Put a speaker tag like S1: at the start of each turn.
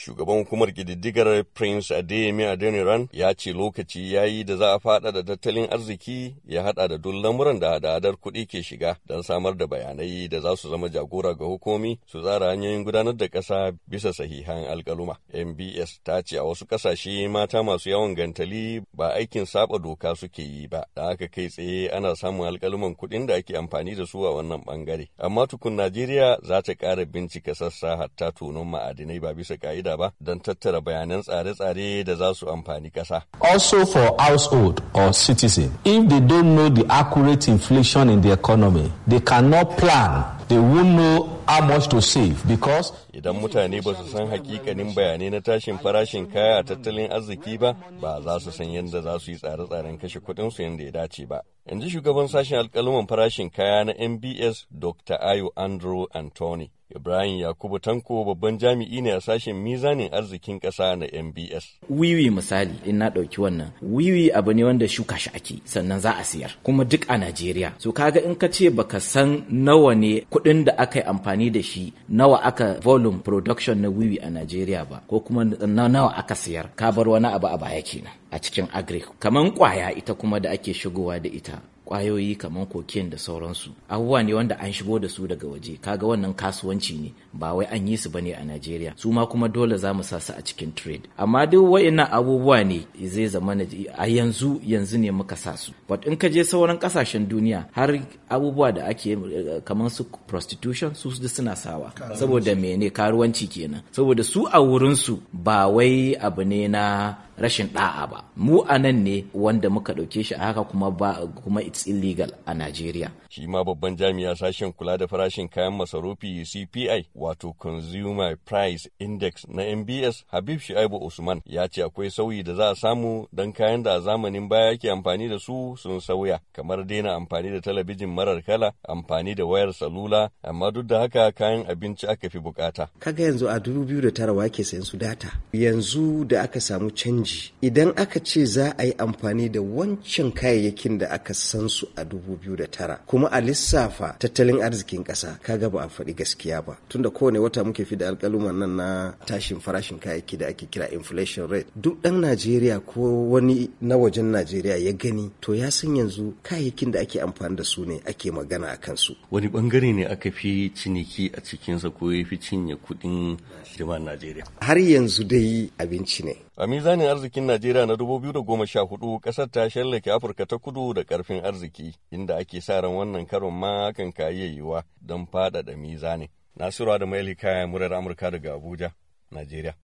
S1: Shugaban hukumar gididdigar Prince a Adeniran ya ce lokaci ya yi da za a fada da tattalin arziki ya haɗa da duk lamuran da hada-hadar kuɗi ke shiga don samar da bayanai da za su zama jagora ga hukumi su tsara hanyoyin gudanar da ƙasa bisa sahihan alkaluma. MBS ta ce a wasu ƙasashe mata masu yawan gantali ba aikin saba doka suke yi ba, da aka kai tsaye ana samun alkaluman kuɗin da ake amfani da su a wannan ɓangare. Amma tukun Najeriya za ta ƙara bincika sassa hatta tonon ma'adinai ba bisa ƙa'ida oda ba don tattara bayanan tsare-tsare da za su amfani ƙasa.
S2: Also for household or citizen, if they don't know the accurate inflation in the economy, they cannot plan, they won't know how much to save because
S1: idan mutane ba su san hakikanin bayanai na tashin farashin kaya a tattalin arziki ba ba za su san yadda za su yi tsare-tsaren kashe kuɗin su yadda ya dace ba in ji shugaban sashen alkaluman farashin kaya na mbs dr ayo andrew anthony Ibrahim Yakubu Tanko babban jami'i ne a sashen mizanin arzikin ƙasa na MBS.
S2: Wiwi misali in na ɗauki wannan. Wiwi abu ne wanda shuka shi ake sannan za a siyar kuma duk a Najeriya. So kaga in ka ce baka san nawa ne kuɗin da aka yi amfani da shi nawa aka volume production na wiwi a Najeriya ba ko kuma nawa aka siyar ka bar wani abu a baya kenan a cikin agri. Kaman kwaya ita kuma da ake shigowa da ita kwayoyi kamar koken da sauransu abubuwa ne wanda an shigo da su daga waje kaga wannan kasuwanci ne ba wai an yi su bane a Najeriya su ma kuma dole za mu sa su a cikin trade amma duk wa'annan abubuwa ne zai zama a yanzu yanzu ne muka sa su but in ka je sauran kasashen duniya har abubuwa da ake eh, kamar su prostitution su duk suna sawa saboda mene karuwanci kenan saboda su a wurin su ba wai abu ne na rashin ɗa'a ba mu a nan ne wanda muka ɗauke shi a haka kuma ba kuma it's illegal a Najeriya
S1: shi ma babban jami'a sashen kula da farashin kayan masarufi CPI wato Consumer Price Index na MBS Habib Shu'aibu Usman ya ce akwai sauyi da za a samu don kayan da a zamanin baya ke amfani da su sun sauya kamar daina amfani da talabijin marar kala amfani da wayar salula amma duk da haka kayan abinci aka fi bukata
S3: kaga yanzu a 2009 wake sayan su data yanzu da aka samu canji canji idan aka ce za a yi amfani da wancan kayayyakin da aka san su a 2009 kuma a lissafa tattalin arzikin ƙasa kaga ba a faɗi gaskiya ba tunda kowane wata muke fi da alƙaluman nan na tashin farashin kayayyaki da ake kira inflation rate duk ɗan najeriya ko wani na wajen najeriya ya gani to ya san yanzu kayayyakin da ake amfani da su ne ake magana a kansu
S1: wani bangare ne aka fi ciniki a cikinsa ko ya fi cinye kuɗin jama'ar najeriya har yanzu dai abinci ne a mizanin arzikin Najeriya na hudu kasar ta shallake Afirka ta kudu da karfin arziki inda ake sa ran wannan karon ma hakan ka iya yiwuwa don faɗaɗa ne Nasiru da Maili kaya murar Amurka daga Abuja, Najeriya.